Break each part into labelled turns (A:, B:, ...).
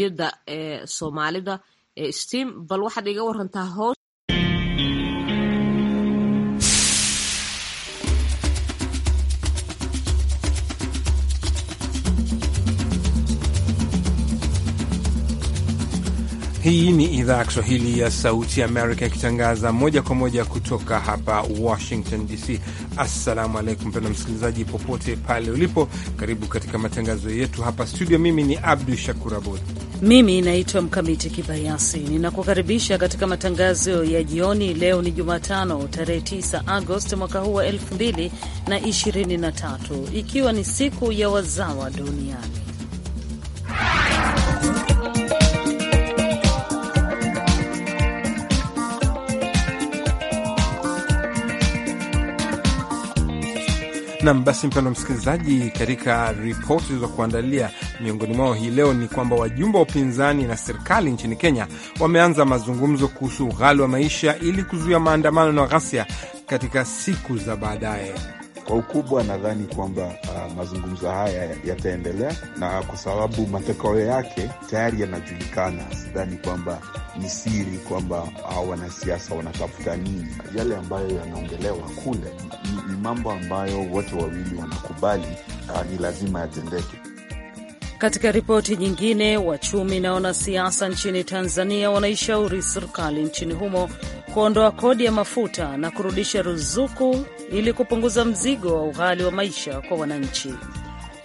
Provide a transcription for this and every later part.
A: ee soomaalida ee steam bal waxaad iga warantaa hawshan
B: Hii ni idhaa ya Kiswahili ya Sauti ya Amerika ikitangaza moja kwa moja kutoka hapa Washington DC. Assalamu alaikum, pena msikilizaji, popote pale ulipo, karibu katika matangazo yetu hapa studio. Mimi ni Abdu Shakur Abud,
A: mimi naitwa Mkamiti Kibayasi, ninakukaribisha katika matangazo ya jioni. Leo ni Jumatano tarehe 9 Agosti mwaka huu wa 2023 ikiwa ni siku ya wazawa duniani
B: Nam basi, mpendo msikilizaji, katika ripoti zilizokuandalia miongoni mwao hii leo ni kwamba wajumbe wa upinzani na serikali nchini Kenya wameanza mazungumzo kuhusu ughali wa maisha ili kuzuia maandamano na ghasia katika siku za baadaye. Kwa ukubwa nadhani kwamba
C: uh, mazungumzo haya yataendelea, na kwa sababu matokeo yake tayari yanajulikana, sidhani kwamba ni siri kwamba ah, wanasiasa wanatafuta nini. Yale ambayo yanaongelewa kule ni mambo ambayo wote wawili wanakubali, uh, ni lazima yatendeke.
A: Katika ripoti nyingine, wachumi na wanasiasa nchini Tanzania wanaishauri serikali nchini humo kuondoa kodi ya mafuta na kurudisha ruzuku ili kupunguza mzigo wa ughali wa maisha kwa wananchi.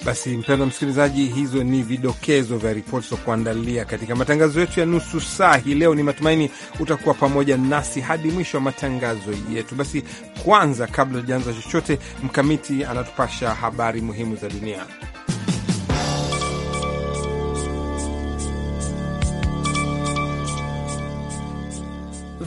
B: Basi mpendwa msikilizaji, hizo ni vidokezo vya ripoti za kuandalia katika matangazo yetu ya nusu saa hii leo. Ni matumaini utakuwa pamoja nasi hadi mwisho wa matangazo yetu. Basi kwanza, kabla hujaanza chochote, Mkamiti anatupasha
A: habari muhimu za dunia.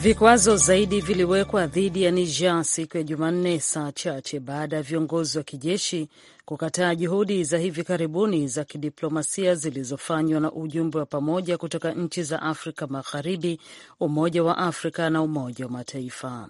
A: Vikwazo zaidi viliwekwa dhidi ya Niger siku ya Jumanne, saa chache baada ya viongozi wa kijeshi kukataa juhudi za hivi karibuni za kidiplomasia zilizofanywa na ujumbe wa pamoja kutoka nchi za Afrika Magharibi, Umoja wa Afrika na Umoja wa Mataifa.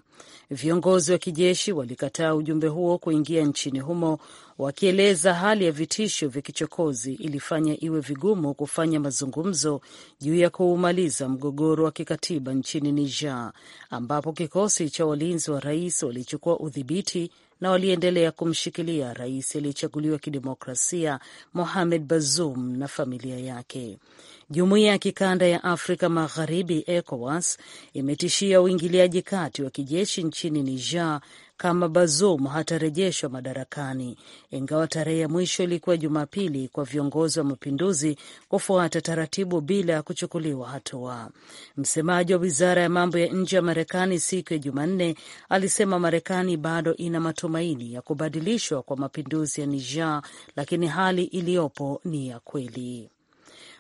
A: Viongozi wa kijeshi walikataa ujumbe huo kuingia nchini humo, wakieleza hali ya vitisho vya kichokozi ilifanya iwe vigumu kufanya mazungumzo juu ya kuumaliza mgogoro wa kikatiba nchini Niger, ambapo kikosi cha walinzi wa rais walichukua udhibiti na waliendelea kumshikilia rais aliyechaguliwa kidemokrasia Mohamed Bazoum na familia yake. Jumuiya ya kikanda ya Afrika Magharibi, ECOWAS, imetishia uingiliaji kati wa kijeshi nchini Niger kama Bazoum hatarejeshwa madarakani, ingawa tarehe ya mwisho ilikuwa Jumapili kwa viongozi wa mapinduzi kufuata taratibu bila ya kuchukuliwa hatua. Msemaji wa wizara ya mambo ya nje ya Marekani siku ya Jumanne alisema Marekani bado ina matumaini ya kubadilishwa kwa mapinduzi ya Niger, lakini hali iliyopo ni ya kweli.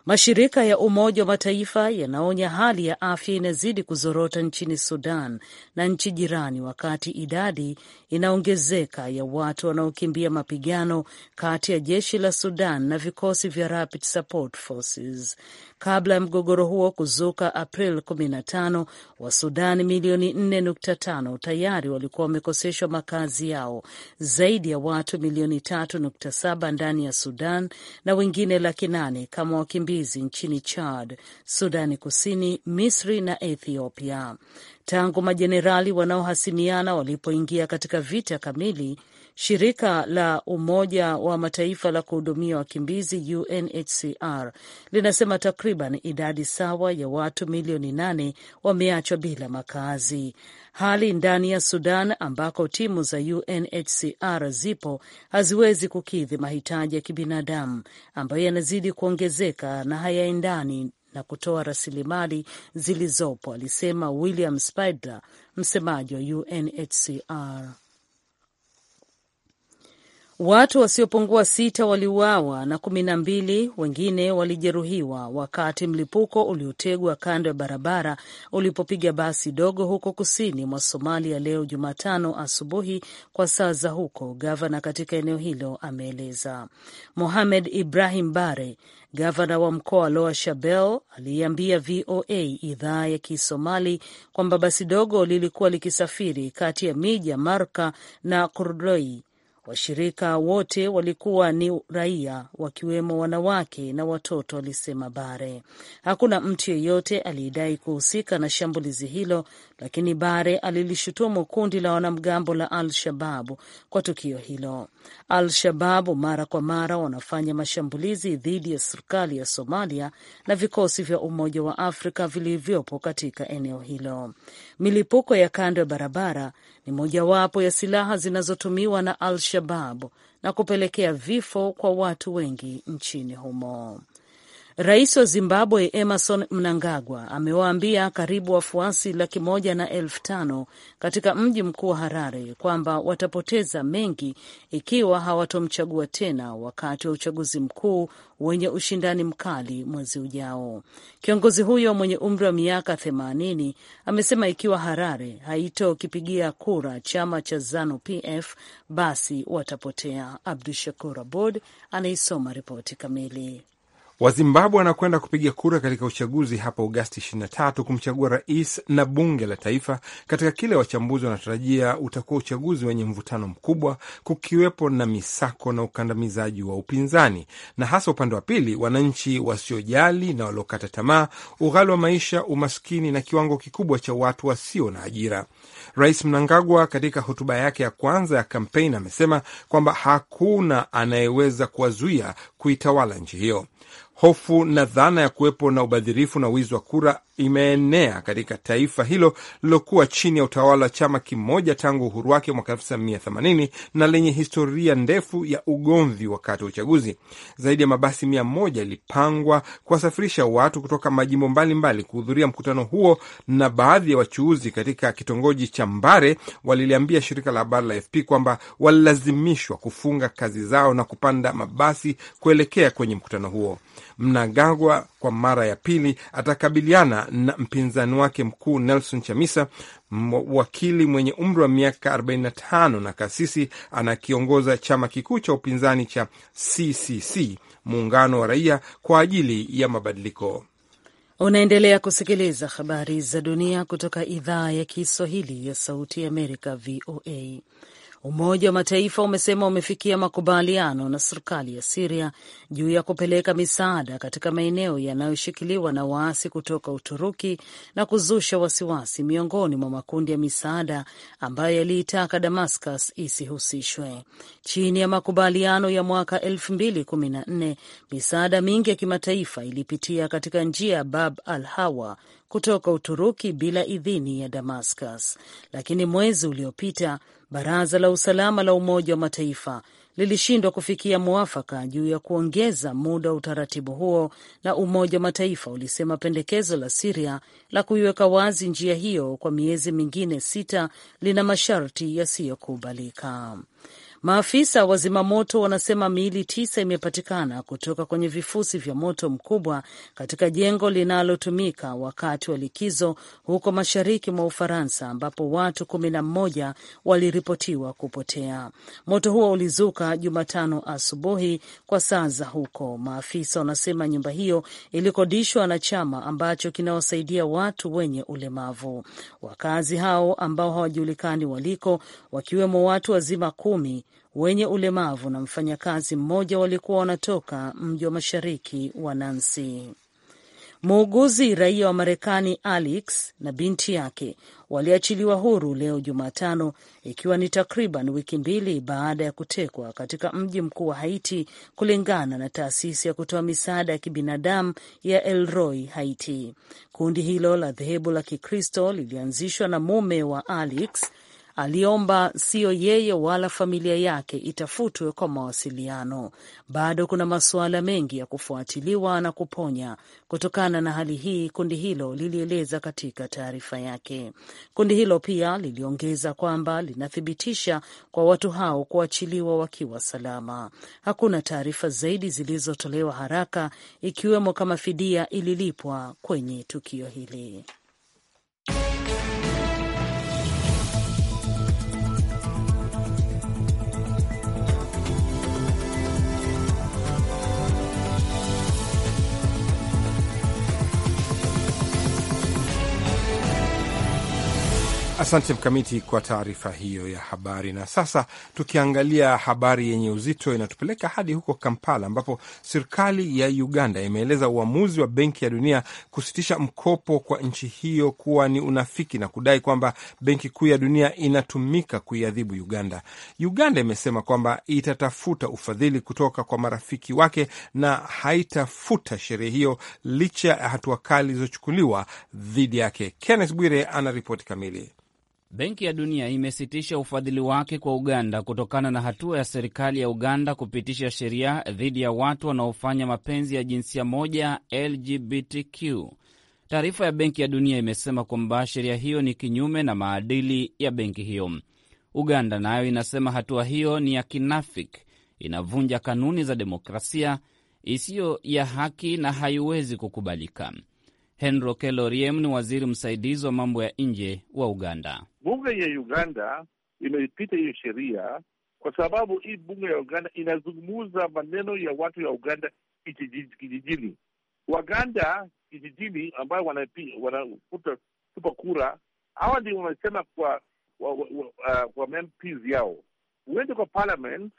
A: Mashirika ya Umoja wa Mataifa yanaonya hali ya afya inazidi kuzorota nchini Sudan na nchi jirani, wakati idadi inaongezeka ya watu wanaokimbia mapigano kati ya jeshi la Sudan na vikosi vya Rapid Support Forces kabla ya mgogoro huo kuzuka April 15. wa sudan milioni 4.5 tayari walikuwa wamekoseshwa makazi yao, zaidi ya watu milioni 3.7 ndani ya Sudan na wengine laki nane kama wakimbizi nchini Chad, Sudani Kusini, Misri na Ethiopia. Tangu majenerali wanaohasimiana walipoingia katika vita kamili Shirika la Umoja wa Mataifa la kuhudumia wakimbizi UNHCR linasema takriban idadi sawa ya watu milioni nane wameachwa bila makazi. Hali ndani ya Sudan ambako timu za UNHCR zipo haziwezi kukidhi mahitaji ya kibinadamu ambayo yanazidi kuongezeka na hayaendani na kutoa rasilimali zilizopo, alisema William Spidler, msemaji wa UNHCR. Watu wasiopungua sita waliuawa na kumi na mbili wengine walijeruhiwa wakati mlipuko uliotegwa kando ya barabara ulipopiga basi dogo huko kusini mwa Somalia leo Jumatano asubuhi kwa saa za huko, gavana katika eneo hilo ameeleza. Mohamed Ibrahim Bare, gavana wa mkoa wa Loa Shabelle, aliiambia VOA idhaa ya Kisomali kwamba basi dogo lilikuwa likisafiri kati ya miji ya Marka na Kurdoi Washirika wote walikuwa ni raia, wakiwemo wanawake na watoto, alisema Bare. Hakuna mtu yeyote aliyedai kuhusika na shambulizi hilo lakini Bare alilishutumu kundi la wanamgambo la Al-Shababu kwa tukio hilo. Al-Shababu mara kwa mara wanafanya mashambulizi dhidi ya serikali ya Somalia na vikosi vya Umoja wa Afrika vilivyopo katika eneo hilo. Milipuko ya kando ya barabara ni mojawapo ya silaha zinazotumiwa na Al-Shababu na kupelekea vifo kwa watu wengi nchini humo. Rais wa Zimbabwe Emerson Mnangagwa amewaambia karibu wafuasi laki moja na elfu tano katika mji mkuu wa Harare kwamba watapoteza mengi ikiwa hawatomchagua tena wakati wa uchaguzi mkuu wenye ushindani mkali mwezi ujao. Kiongozi huyo mwenye umri wa miaka themanini amesema ikiwa Harare haitokipigia kura chama cha ZANU PF basi watapotea. Abdu Shakur Abod anaisoma ripoti kamili.
B: Wazimbabwe wanakwenda kupiga kura katika uchaguzi hapo Agosti 23 kumchagua rais na bunge la taifa katika kile wachambuzi wanatarajia utakuwa uchaguzi wenye mvutano mkubwa, kukiwepo na misako na ukandamizaji wa upinzani na hasa upande wa pili, wananchi wasiojali na waliokata tamaa, ughali wa maisha, umaskini na kiwango kikubwa cha watu wasio na ajira. Rais Mnangagwa katika hotuba yake ya kwanza ya kampeni amesema kwamba hakuna anayeweza kuwazuia kuitawala nchi hiyo hofu na dhana ya kuwepo na ubadhirifu na wizi wa kura imeenea katika taifa hilo lililokuwa chini ya utawala wa chama kimoja tangu uhuru wake mwaka 1980 na lenye historia ndefu ya ugomvi wakati wa uchaguzi. Zaidi ya mabasi mia moja ilipangwa kuwasafirisha watu kutoka majimbo mbalimbali kuhudhuria mkutano huo, na baadhi ya wachuuzi katika kitongoji cha Mbare waliliambia shirika la habari la FP kwamba walilazimishwa kufunga kazi zao na kupanda mabasi kuelekea kwenye mkutano huo. Mnangagwa kwa mara ya pili atakabiliana na mpinzani wake mkuu Nelson Chamisa, wakili mwenye umri wa miaka 45 na kasisi anakiongoza chama kikuu cha upinzani cha CCC, muungano wa raia kwa ajili ya mabadiliko.
A: Unaendelea kusikiliza habari za dunia kutoka idhaa ya Kiswahili ya Sauti ya Amerika, VOA. Umoja wa Mataifa umesema umefikia makubaliano na serikali ya Siria juu ya kupeleka misaada katika maeneo yanayoshikiliwa na waasi kutoka Uturuki na kuzusha wasiwasi miongoni mwa makundi ya misaada ambayo yaliitaka Damascus isihusishwe. Chini ya makubaliano ya mwaka 2014 misaada mingi ya kimataifa ilipitia katika njia ya Bab al Hawa kutoka Uturuki bila idhini ya Damascus, lakini mwezi uliopita Baraza la Usalama la Umoja wa Mataifa lilishindwa kufikia mwafaka juu ya kuongeza muda wa utaratibu huo, na Umoja wa Mataifa ulisema pendekezo la Siria la kuiweka wazi njia hiyo kwa miezi mingine sita lina masharti yasiyokubalika. Maafisa wa zimamoto wanasema miili tisa imepatikana kutoka kwenye vifusi vya moto mkubwa katika jengo linalotumika wakati wa likizo huko mashariki mwa Ufaransa, ambapo watu kumi na mmoja waliripotiwa kupotea. Moto huo ulizuka Jumatano asubuhi kwa saa za huko. Maafisa wanasema nyumba hiyo ilikodishwa na chama ambacho kinawasaidia watu wenye ulemavu. Wakazi hao ambao hawajulikani waliko, wakiwemo watu wazima kumi wenye ulemavu na mfanyakazi mmoja walikuwa wanatoka mji wa mashariki wa Nancy. Muuguzi raia wa Marekani Alex na binti yake waliachiliwa huru leo Jumatano, ikiwa ni takriban wiki mbili baada ya kutekwa katika mji mkuu wa Haiti, kulingana na taasisi ya kutoa misaada ya kibinadamu ya El Roy Haiti. Kundi hilo la dhehebu la Kikristo lilianzishwa na mume wa Alex aliomba sio yeye wala familia yake itafutwe kwa mawasiliano. Bado kuna masuala mengi ya kufuatiliwa na kuponya kutokana na hali hii, kundi hilo lilieleza katika taarifa yake. Kundi hilo pia liliongeza kwamba linathibitisha kwa watu hao kuachiliwa wakiwa salama. Hakuna taarifa zaidi zilizotolewa haraka, ikiwemo kama fidia ililipwa kwenye tukio hili.
B: Asante Mkamiti kwa taarifa hiyo ya habari. Na sasa tukiangalia habari yenye uzito, inatupeleka hadi huko Kampala, ambapo serikali ya Uganda imeeleza uamuzi wa Benki ya Dunia kusitisha mkopo kwa nchi hiyo kuwa ni unafiki na kudai kwamba Benki Kuu ya Dunia inatumika kuiadhibu Uganda. Uganda imesema kwamba itatafuta ufadhili kutoka kwa marafiki wake na haitafuta sheria hiyo licha ya hatua
D: kali zilizochukuliwa dhidi yake. Kenneth Bwire ana ripoti kamili. Benki ya Dunia imesitisha ufadhili wake kwa Uganda kutokana na hatua ya serikali ya Uganda kupitisha sheria dhidi ya watu wanaofanya mapenzi ya jinsia moja LGBTQ. Taarifa ya Benki ya Dunia imesema kwamba sheria hiyo ni kinyume na maadili ya benki hiyo. Uganda nayo na inasema hatua hiyo ni ya kinafiki, inavunja kanuni za demokrasia isiyo ya haki na haiwezi kukubalika. Henrokel Oriem ni waziri msaidizi wa mambo ya nje wa Uganda.
E: Bunge ya Uganda imeipita hiyo sheria kwa sababu hii bunge ya Uganda inazungumuza maneno ya watu ya Uganda kijijini, Waganda kijijini ambayo wanafuta tupa kura. Hawa ndio wanasema kwa kwa, uh, kwa MPs yao, uende kwa parliament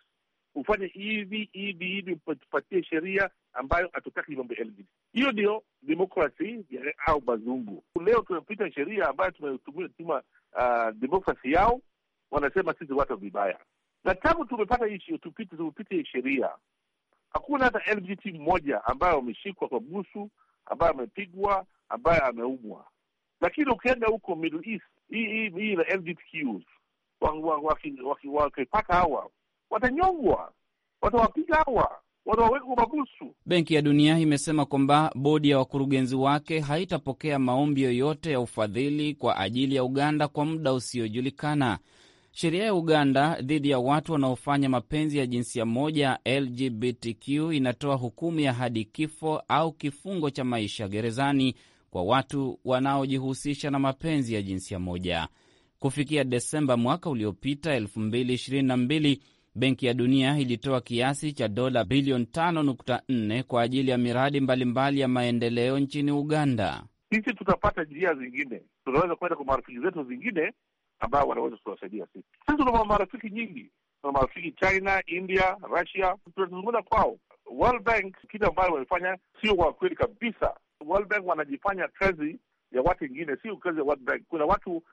E: ufanye hivi hivi hivi, upatie sheria ambayo hatutaki mambo ya mbili. Hiyo ndio demokrasi au mazungu. Leo tumepita sheria ambayo tumetumia tuma uh, demokrasi yao, wanasema sisi watu vibaya, na tangu tumepata hii tupite tupite sheria, hakuna hata LGBT mmoja ambayo ameshikwa kwa busu, ambayo amepigwa, ambayo ameumwa. Lakini ukienda huko Middle East, hii na la wakipata hawa watanyongwa, watawapiga hawa mabusu.
D: Benki ya Dunia imesema kwamba bodi ya wakurugenzi wake haitapokea maombi yoyote ya ufadhili kwa ajili ya Uganda kwa muda usiojulikana. Sheria ya Uganda dhidi ya watu wanaofanya mapenzi ya jinsia moja LGBTQ inatoa hukumu ya hadi kifo au kifungo cha maisha gerezani kwa watu wanaojihusisha na mapenzi ya jinsia moja. Kufikia Desemba mwaka uliopita 2022 Benki ya Dunia ilitoa kiasi cha dola bilioni 5.4 kwa ajili ya miradi mbalimbali mbali ya maendeleo nchini Uganda.
E: Sisi tutapata njia zingine, tunaweza kwenda kwa marafiki zetu zingine ambao wanaweza kuwasaidia sisi. Sisi tuna marafiki nyingi, tuna marafiki China, India, Russia, tunazungumza kwao. World Bank kitu ambayo wamefanya sio wa kweli kabisa. World Bank wanajifanya kazi ya watu wengine, sio kazi ya World Bank. Kuna watu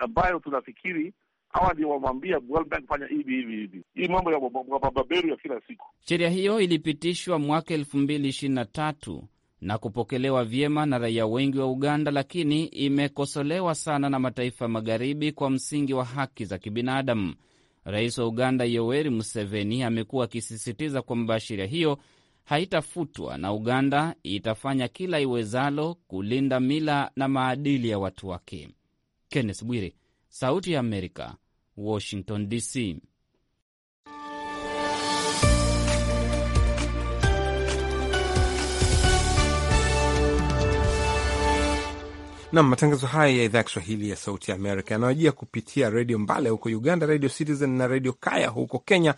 E: ambayo tunafikiri hawa ndio wamwambia World Bank fanya hivi hivi hivi. Hii mambo ya mababeru ya kila siku.
D: Sheria hiyo ilipitishwa mwaka elfu mbili ishirini na tatu na kupokelewa vyema na raia wengi wa Uganda, lakini imekosolewa sana na mataifa magharibi kwa msingi wa haki za kibinadamu. Rais wa Uganda Yoweri Museveni amekuwa akisisitiza kwamba sheria hiyo haitafutwa na Uganda itafanya kila iwezalo kulinda mila na maadili ya watu wake. Kenneth Bwire, Sauti ya Amerika, Washington DC.
B: Nam, matangazo haya ya idhaa ya Kiswahili ya Sauti ya Amerika yanawajia kupitia redio Mbale huko Uganda, redio Citizen na redio Kaya huko Kenya,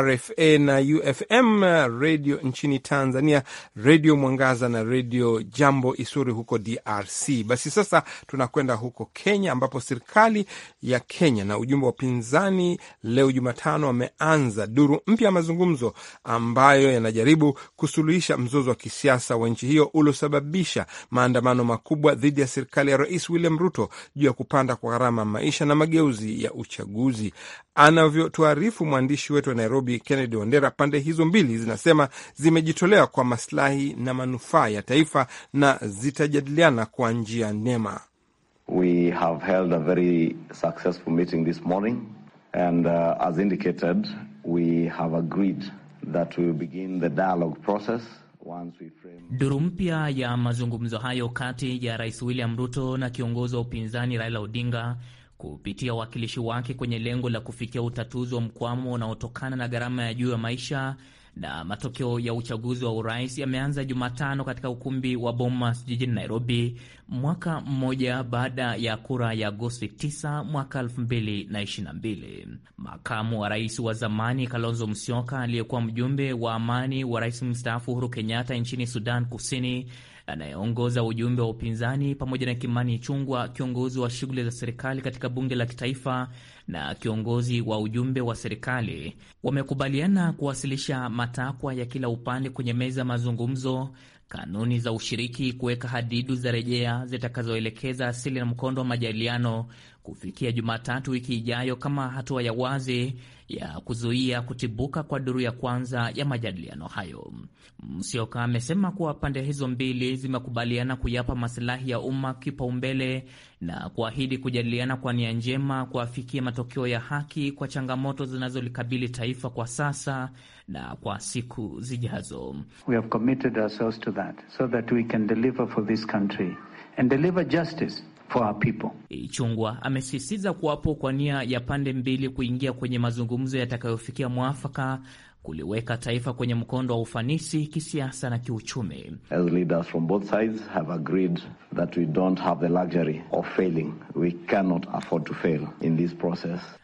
B: RFA na UFM redio nchini Tanzania, redio Mwangaza na redio Jambo Isuri huko DRC. Basi sasa tunakwenda huko Kenya, ambapo serikali ya Kenya na ujumbe wa upinzani leo Jumatano wameanza duru mpya ya mazungumzo ambayo yanajaribu kusuluhisha mzozo wa kisiasa wa nchi hiyo uliosababisha maandamano makubwa dhidi ya serikali serikali ya Rais William Ruto juu ya kupanda kwa gharama maisha na mageuzi ya uchaguzi. Anavyotuarifu mwandishi wetu wa Nairobi, Kennedy Wandera, pande hizo mbili zinasema zimejitolea kwa maslahi na manufaa ya taifa na zitajadiliana kwa njia nema. We
F: have held a very successful meeting this morning and uh, as indicated we have agreed that we will begin the dialogue process once
G: Duru mpya ya mazungumzo hayo kati ya Rais William Ruto na kiongozi wa upinzani Raila Odinga kupitia uwakilishi wake kwenye lengo la kufikia utatuzi wa mkwamo unaotokana na gharama ya juu ya maisha na matokeo ya uchaguzi wa urais yameanza Jumatano katika ukumbi wa Bomas jijini Nairobi, mwaka mmoja baada ya kura ya Agosti 9 mwaka 2022. Makamu wa rais wa zamani Kalonzo Musyoka, aliyekuwa mjumbe wa amani wa rais mstaafu Uhuru Kenyatta nchini Sudan Kusini, anayeongoza ujumbe wa upinzani, pamoja na Kimani chungwa kiongozi wa shughuli za serikali katika bunge la kitaifa na kiongozi wa ujumbe wa serikali wamekubaliana kuwasilisha matakwa ya kila upande kwenye meza ya mazungumzo kanuni za ushiriki kuweka hadidu za rejea zitakazoelekeza asili na mkondo wa majadiliano kufikia Jumatatu wiki ijayo kama hatua ya wazi ya kuzuia kutibuka kwa duru ya kwanza ya majadiliano hayo. Msioka amesema kuwa pande hizo mbili zimekubaliana kuyapa masilahi ya umma kipaumbele na kuahidi kujadiliana kwa nia njema kuafikia matokeo ya haki kwa changamoto zinazolikabili taifa kwa sasa na kwa
D: siku zijazo. We have committed ourselves to that so that we can deliver for this country and deliver justice. Ichungwa e,
G: amesisitiza kuwapo kwa nia ya pande mbili kuingia kwenye mazungumzo yatakayofikia mwafaka kuliweka taifa kwenye mkondo wa ufanisi kisiasa na kiuchumi.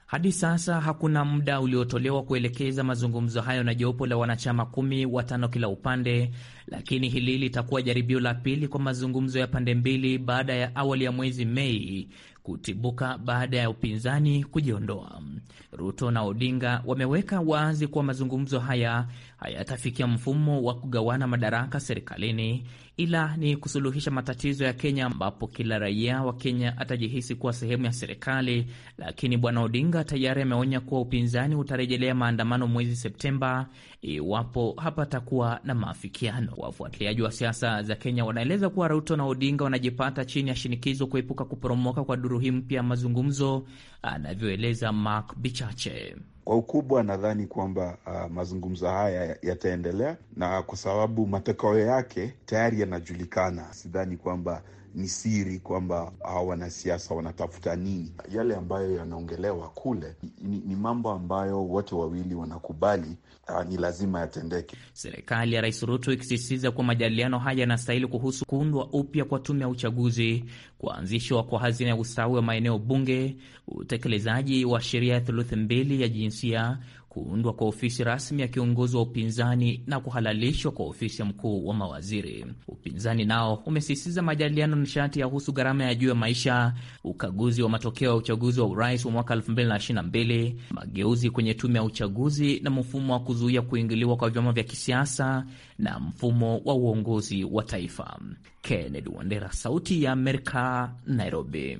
G: Hadi sasa hakuna muda uliotolewa kuelekeza mazungumzo hayo na jopo la wanachama kumi, watano kila upande, lakini hili litakuwa jaribio la pili kwa mazungumzo ya pande mbili baada ya awali ya mwezi Mei kutibuka baada ya upinzani kujiondoa. Ruto na Odinga wameweka wazi kuwa mazungumzo haya hayatafikia mfumo wa kugawana madaraka serikalini, ila ni kusuluhisha matatizo ya Kenya, ambapo kila raia wa Kenya atajihisi kuwa sehemu ya serikali. Lakini Bwana Odinga tayari ameonya kuwa upinzani utarejelea maandamano mwezi Septemba iwapo hapatakuwa na maafikiano. Wafuatiliaji wa siasa za Kenya wanaeleza kuwa Ruto na Odinga wanajipata chini ya shinikizo kuepuka kuporomoka kwa duru hii mpya ya mazungumzo, anavyoeleza Mark Bichache.
C: Kwa ukubwa nadhani kwamba uh, mazungumzo haya yataendelea, na kwa sababu matokeo yake tayari yanajulikana, sidhani kwamba ni siri kwamba hawa wanasiasa wanatafuta nini. Yale ambayo yanaongelewa kule ni, ni mambo ambayo wote wawili wanakubali uh, ni lazima
G: yatendeke. Serikali ya Rais Ruto ikisisitiza kuwa majadiliano haya yanastahili kuhusu kuundwa upya kwa tume ya uchaguzi, kuanzishwa kwa hazina ya ustawi wa maeneo bunge, utekelezaji wa sheria ya thuluthi mbili ya jinsia kuundwa kwa ofisi rasmi ya kiongozi wa upinzani na kuhalalishwa kwa ofisi ya mkuu wa mawaziri. Upinzani nao umesisitiza majadiliano nishati ya husu gharama ya juu ya maisha, ukaguzi wa matokeo ya uchaguzi wa urais wa mwaka 2022, mageuzi kwenye tume ya uchaguzi na mfumo wa kuzuia kuingiliwa kwa vyama vya kisiasa na mfumo wa uongozi wa taifa. Kennedy Wandera, Sauti ya Amerika, Nairobi.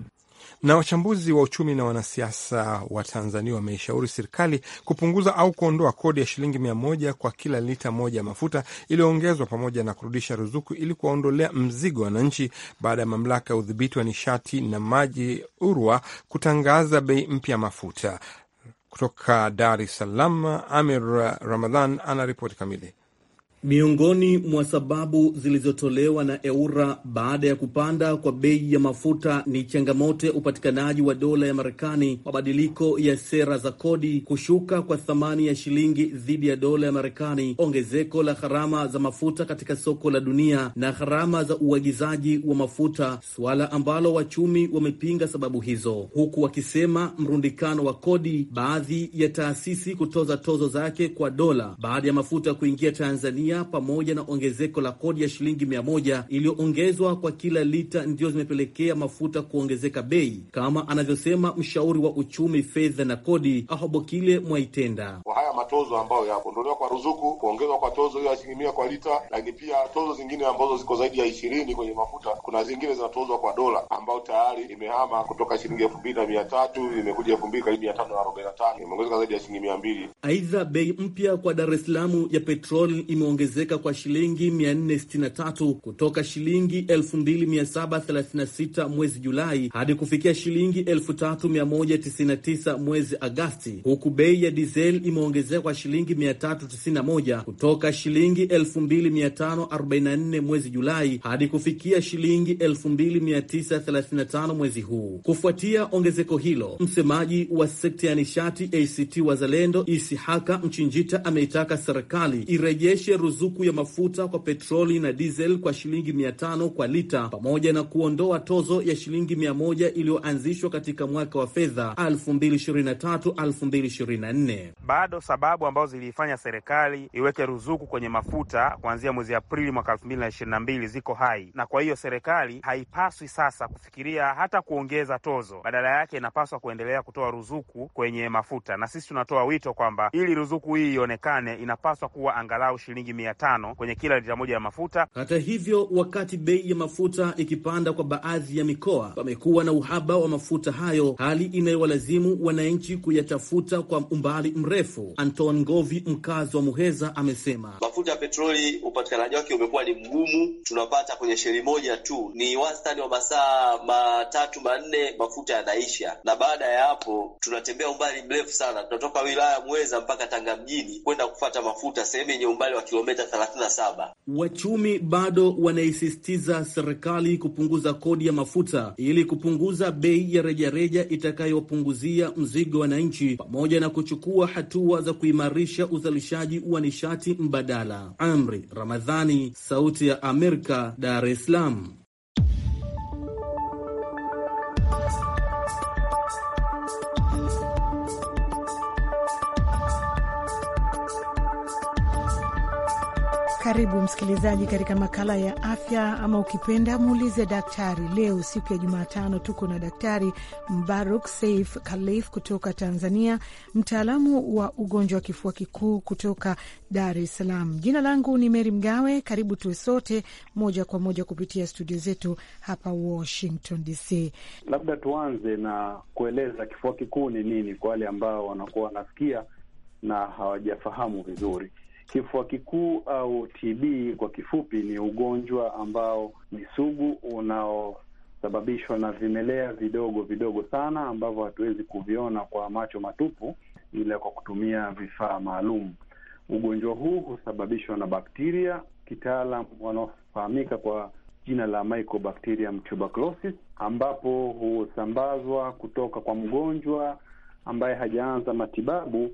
B: Na wachambuzi wa uchumi na wanasiasa wa Tanzania wameishauri serikali kupunguza au kuondoa kodi ya shilingi mia moja kwa kila lita moja ya mafuta iliyoongezwa, pamoja na kurudisha ruzuku ili kuwaondolea mzigo wananchi, baada ya mamlaka ya udhibiti wa nishati na maji URWA kutangaza bei mpya ya mafuta. Kutoka Dar es Salaam, Amir Ramadhan anaripoti kamili. Miongoni mwa sababu zilizotolewa na EURA baada
F: ya kupanda kwa bei ya mafuta ni changamoto ya upatikanaji wa dola ya Marekani, mabadiliko ya sera za kodi, kushuka kwa thamani ya shilingi dhidi ya dola ya Marekani, ongezeko la gharama za mafuta katika soko la dunia na gharama za uagizaji wa mafuta, suala ambalo wachumi wamepinga sababu hizo, huku wakisema mrundikano wa kodi, baadhi ya taasisi kutoza tozo zake kwa dola baada ya mafuta kuingia Tanzania Kenya pamoja na ongezeko la kodi ya shilingi mia moja iliyoongezwa kwa kila lita ndiyo zimepelekea mafuta kuongezeka bei, kama anavyosema mshauri wa uchumi, fedha na kodi, Ahobokile Mwaitenda
E: haya matozo ambayo ya kwa ruzuku, kuongezwa kwa tozo hiyo asilimia kwa lita, lakini pia tozo zingine ambazo ziko zaidi ya ishirini kwenye mafuta. Kuna zingine zinatozwa kwa dola ambayo tayari imehama kutoka shilingi elfu mbili na mia tatu imekuja elfu mbili karibu mia tano na arobaini na tano imeongezeka zaidi ya shilingi mia mbili.
F: Aidha, bei mpya kwa Dar es Salaam ya petroli imeongezeka kwa shilingi mia nne sitini na tatu kutoka shilingi elfu mbili mia saba thelathini na sita mwezi Julai hadi kufikia shilingi elfu tatu mia moja tisini na tisa mwezi Agasti, huku bei ya dizeli imeongezeka kuongezekwa shilingi 391 kutoka shilingi 2544 mwezi Julai hadi kufikia shilingi 2935 mwezi huu. Kufuatia ongezeko hilo, msemaji wa sekta ya nishati ACT Wazalendo Isihaka Mchinjita ameitaka serikali irejeshe ruzuku ya mafuta kwa petroli na dizeli kwa shilingi 500 kwa lita pamoja na kuondoa tozo ya shilingi 100 iliyoanzishwa katika mwaka wa fedha 2023/2024. Bado sababu ambazo ziliifanya serikali iweke ruzuku kwenye mafuta kuanzia mwezi Aprili mwaka elfu mbili na ishirini na mbili ziko hai, na kwa hiyo serikali haipaswi sasa kufikiria hata kuongeza tozo, badala yake inapaswa kuendelea kutoa ruzuku kwenye mafuta. Na sisi tunatoa wito kwamba ili ruzuku hii ionekane, inapaswa kuwa angalau shilingi mia tano kwenye kila lita moja ya mafuta. Hata hivyo, wakati bei ya mafuta ikipanda kwa baadhi ya mikoa, pamekuwa na uhaba wa mafuta hayo, hali inayowalazimu wananchi kuyatafuta kwa umbali mrefu. Anton Ngovi, mkazi wa Muheza, amesema mafuta ya petroli upatikanaji wake umekuwa ni mgumu. Tunapata kwenye sheri moja tu ni wastani wa masaa matatu manne, mafuta yanaisha, na baada ya hapo tunatembea umbali mrefu sana. Tunatoka wilaya ya Muheza mpaka Tanga mjini kwenda kufata mafuta sehemu yenye umbali wa kilomita 37. Wachumi bado wanaisisitiza serikali kupunguza kodi ya mafuta ili kupunguza bei ya rejareja itakayopunguzia mzigo wananchi, pamoja na kuchukua hatua kuanza kuimarisha uzalishaji wa nishati mbadala. Amri Ramadhani, Sauti ya Amerika, Dar es Salaam.
H: Karibu msikilizaji katika makala ya afya, ama ukipenda muulize daktari. Leo siku ya Jumatano, tuko na Daktari Mbaruk Saif Khalif kutoka Tanzania, mtaalamu wa ugonjwa wa kifua kikuu kutoka Dar es Salaam. Jina langu ni Meri Mgawe. Karibu tuwe sote moja kwa moja kupitia studio zetu hapa Washington DC.
C: Labda tuanze na kueleza kifua kikuu ni nini kwa wale ambao wanakuwa wanasikia na hawajafahamu vizuri. Kifua kikuu au TB kwa kifupi ni ugonjwa ambao ni sugu unaosababishwa na vimelea vidogo vidogo sana ambavyo hatuwezi kuviona kwa macho matupu, ila kwa kutumia vifaa maalum. Ugonjwa huu husababishwa na bakteria, kitaalam wanaofahamika kwa jina la Mycobacterium tuberculosis, ambapo husambazwa kutoka kwa mgonjwa ambaye hajaanza matibabu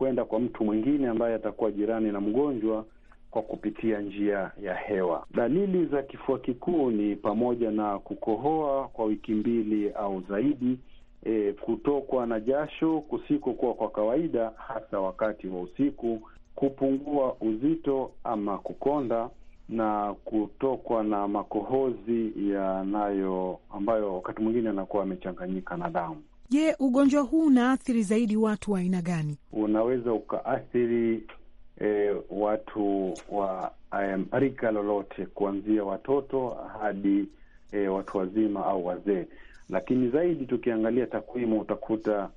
C: kwenda kwa mtu mwingine ambaye atakuwa jirani na mgonjwa kwa kupitia njia ya hewa. Dalili za kifua kikuu ni pamoja na kukohoa kwa wiki mbili au zaidi, e, kutokwa na jasho kusikokuwa kwa kawaida, hasa wakati wa usiku, kupungua uzito ama kukonda, na kutokwa na makohozi yanayo ambayo wakati mwingine anakuwa amechanganyika na damu.
H: Je, ugonjwa huu unaathiri zaidi watu wa aina gani?
C: Unaweza ukaathiri e, watu wa um, rika lolote kuanzia watoto hadi e, watu wazima au wazee, lakini zaidi tukiangalia takwimu utakuta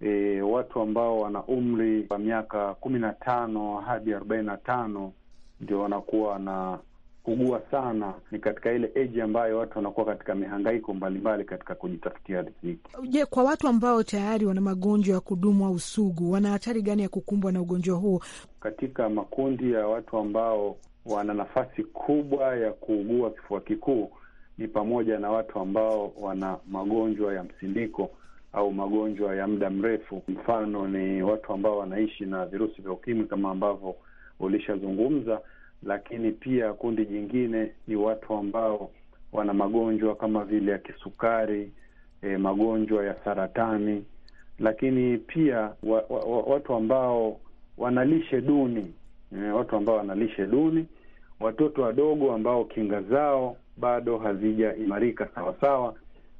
C: e, watu ambao wana umri wa miaka kumi na tano hadi arobaini na tano ndio wanakuwa na kugua sana ni katika ile eji ambayo watu wanakuwa katika mihangaiko mbalimbali katika kujitafutia riziki.
H: Je, kwa watu ambao tayari wana magonjwa ya kudumu au usugu, wana hatari gani ya kukumbwa na ugonjwa huo?
C: Katika makundi ya watu ambao wana nafasi kubwa ya kuugua kifua kikuu ni pamoja na watu ambao wana magonjwa ya msindiko au magonjwa ya muda mrefu. Mfano ni watu ambao wanaishi na virusi vya ukimwi kama ambavyo ulishazungumza lakini pia kundi jingine ni watu ambao wana magonjwa kama vile ya kisukari, e, magonjwa ya saratani, lakini pia wa, wa, wa, watu ambao wanalishe duni e, watu ambao wanalishe duni, watoto wadogo ambao kinga zao bado hazijaimarika sawasawa,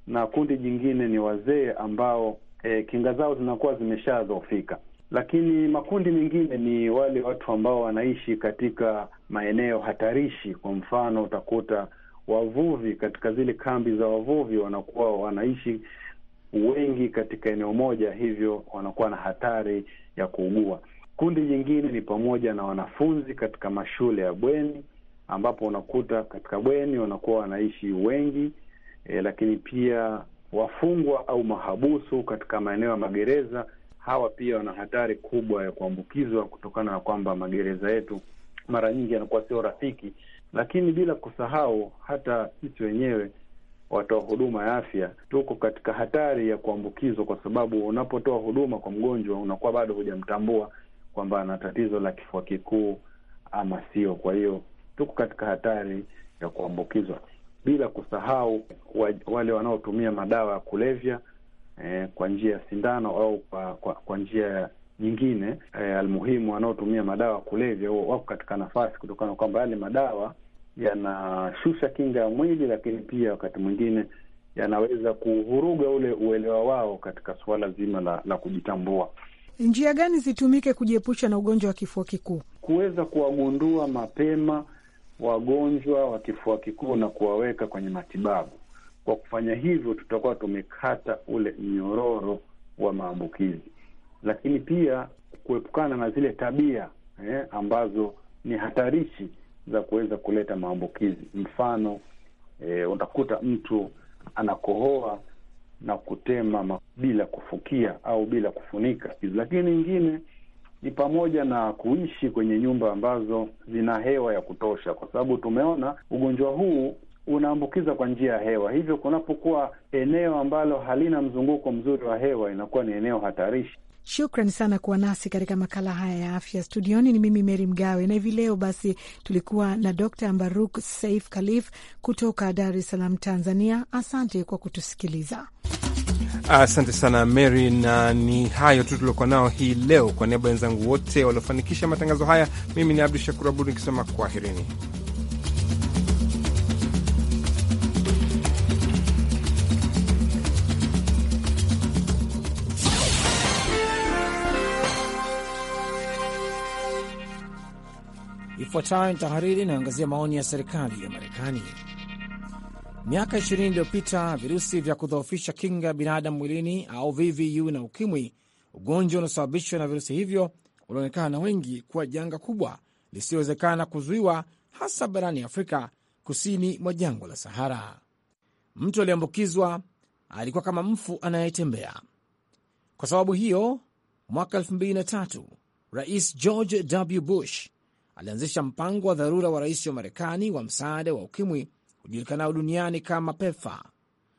C: na kundi jingine ni wazee ambao e, kinga zao zinakuwa zimeshadhoofika. Lakini makundi mengine ni wale watu ambao wanaishi katika maeneo hatarishi. Kwa mfano, utakuta wavuvi katika zile kambi za wavuvi wanakuwa wanaishi wengi katika eneo moja, hivyo wanakuwa na hatari ya kuugua. Kundi jingine ni pamoja na wanafunzi katika mashule ya bweni, ambapo unakuta katika bweni wanakuwa wanaishi wengi e, lakini pia wafungwa au mahabusu katika maeneo ya magereza, hawa pia wana hatari kubwa ya kuambukizwa kutokana na kwamba magereza yetu mara nyingi yanakuwa sio rafiki, lakini bila kusahau hata sisi wenyewe watoa huduma ya afya tuko katika hatari ya kuambukizwa, kwa sababu unapotoa huduma kwa mgonjwa unakuwa bado hujamtambua kwamba ana tatizo la kifua kikuu ama sio. Kwa hiyo tuko katika hatari ya kuambukizwa, bila kusahau wale wanaotumia madawa ya kulevya eh, kwa njia ya sindano au kwa, kwa, kwa njia nyingine e, almuhimu wanaotumia madawa kulevya wako katika nafasi kutokana kwamba yale madawa yanashusha kinga ya mwili, lakini pia wakati mwingine yanaweza kuvuruga ule uelewa wao katika suala zima la, la kujitambua.
H: Njia gani zitumike kujiepusha na ugonjwa wa kifua kikuu?
C: Kuweza kuwagundua mapema wagonjwa wa kifua kikuu na kuwaweka kwenye matibabu. Kwa kufanya hivyo, tutakuwa tumekata ule mnyororo wa maambukizi lakini pia kuepukana na zile tabia eh, ambazo ni hatarishi za kuweza kuleta maambukizi. Mfano eh, utakuta mtu anakohoa na kutema bila kufukia au bila kufunika, lakini ingine ni pamoja na kuishi kwenye nyumba ambazo zina hewa ya kutosha, kwa sababu tumeona ugonjwa huu unaambukiza kwa njia ya hewa. Hivyo kunapokuwa eneo ambalo halina mzunguko mzuri wa hewa, inakuwa ni eneo hatarishi
H: Shukran sana kuwa nasi katika makala haya ya afya. Studioni ni mimi Meri Mgawe, na hivi leo basi tulikuwa na Dr Mbaruk Saif Khalif kutoka Dar es Salaam, Tanzania. Asante kwa kutusikiliza.
B: Asante sana Mary, na ni hayo tu tuliokuwa nao hii leo. Kwa niaba ya wenzangu wote waliofanikisha matangazo haya, mimi ni Abdu Shakur Abud nikisema kwaherini.
I: Ifuatayo ni tahariri inayoangazia maoni ya serikali ya Marekani. Miaka 20 iliyopita, virusi vya kudhoofisha kinga ya binadamu mwilini au VVU na ukimwi, ugonjwa unaosababishwa na virusi hivyo, ulionekana na wengi kuwa janga kubwa lisiyowezekana kuzuiwa, hasa barani Afrika kusini mwa jangwa la Sahara. Mtu aliyeambukizwa alikuwa kama mfu anayetembea. Kwa sababu hiyo, mwaka 2003 Rais George W. Bush alianzisha mpango wa dharura wa rais wa Marekani wa msaada wa ukimwi ujulikanao duniani kama PEPFAR.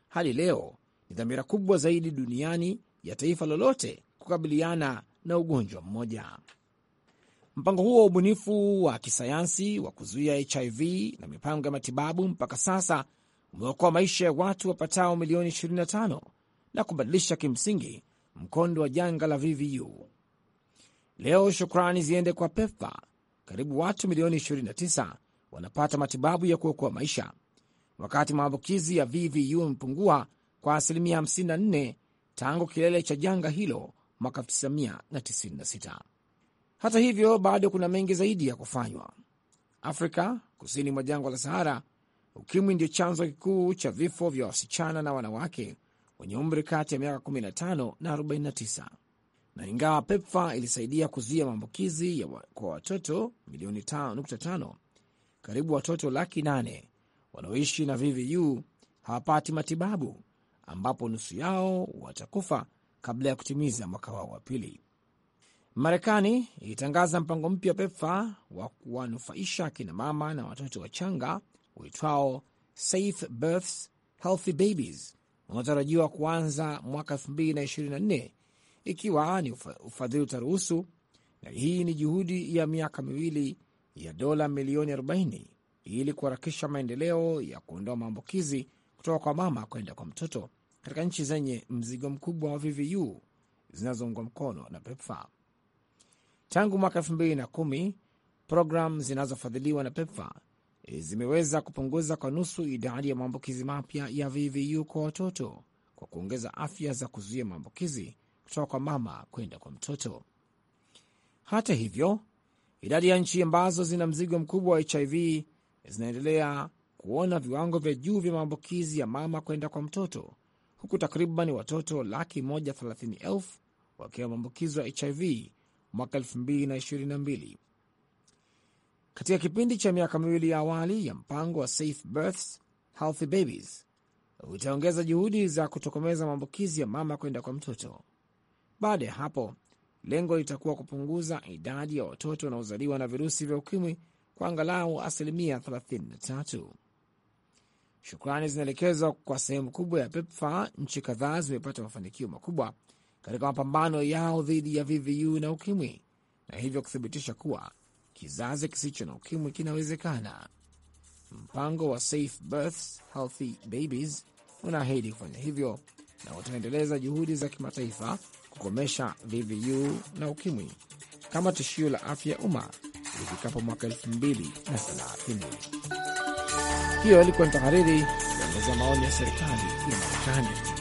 I: Hadi leo ni dhamira kubwa zaidi duniani ya taifa lolote kukabiliana na ugonjwa mmoja. Mpango huo wa ubunifu wa kisayansi wa kuzuia HIV na mipango ya matibabu mpaka sasa umeokoa maisha ya watu wapatao milioni 25 na kubadilisha kimsingi mkondo wa janga la VVU. Leo shukrani ziende kwa PEPFAR karibu watu milioni 29 wanapata matibabu ya kuokoa maisha, wakati maambukizi ya VVU yamepungua kwa asilimia 54 tangu kilele cha janga hilo mwaka 1996. Hata hivyo, bado kuna mengi zaidi ya kufanywa. Afrika kusini mwa jangwa la Sahara, ukimwi ndio chanzo kikuu cha vifo vya wasichana na wanawake wenye umri kati ya miaka 15 na 49 na ingawa PEPFA ilisaidia kuzuia maambukizi wa, kwa watoto milioni 5.5, karibu watoto laki nane wanaoishi na VVU hawapati matibabu, ambapo nusu yao watakufa kabla ya kutimiza mwaka wao wa pili. Marekani ilitangaza mpango mpya wa wa kuwanufaisha kinamama na watoto wachanga uitwao Safe Births Healthy Babies unaotarajiwa kuanza mwaka 2024 ikiwa ni ufadhili utaruhusu, na hii ni juhudi ya miaka miwili ya dola milioni 40 ili kuharakisha maendeleo ya kuondoa maambukizi kutoka kwa mama kwenda kwa mtoto katika nchi zenye mzigo mkubwa wa VVU zinazoungwa mkono na PEPFA. Tangu mwaka 2010 programu zinazofadhiliwa na PEPFA e, zimeweza kupunguza kwa nusu idadi ya maambukizi mapya ya VVU kwa watoto kwa kuongeza afya za kuzuia maambukizi kutoka kwa mama kwenda kwa mtoto. Hata hivyo, idadi ya nchi ambazo zina mzigo mkubwa wa HIV zinaendelea kuona viwango vya juu vya maambukizi ya mama kwenda kwa mtoto, huku takriban watoto laki moja thelathini elfu wakiwa maambukizo HIV mwaka 2022. Katika kipindi cha miaka miwili ya awali ya mpango wa Safe Births Healthy Babies utaongeza juhudi za kutokomeza maambukizi ya mama kwenda kwa mtoto. Baada ya hapo, lengo litakuwa kupunguza idadi ya watoto wanaozaliwa na virusi vya ukimwi kwa angalau asilimia 33. Shukrani zinaelekezwa kwa sehemu kubwa ya PEPFAR. Nchi kadhaa zimepata mafanikio makubwa katika mapambano yao dhidi ya VVU na ukimwi, na hivyo kuthibitisha kuwa kizazi kisicho na ukimwi kinawezekana. Mpango wa Safe Births Healthy Babies unaahidi kufanya hivyo na utaendeleza juhudi za kimataifa kukomesha VVU na ukimwi kama tishio la afya ya umma lifikapo mwaka 2030. Hiyo ilikuwa ni tahariri kuelezea maoni ya serikali ya Marekani.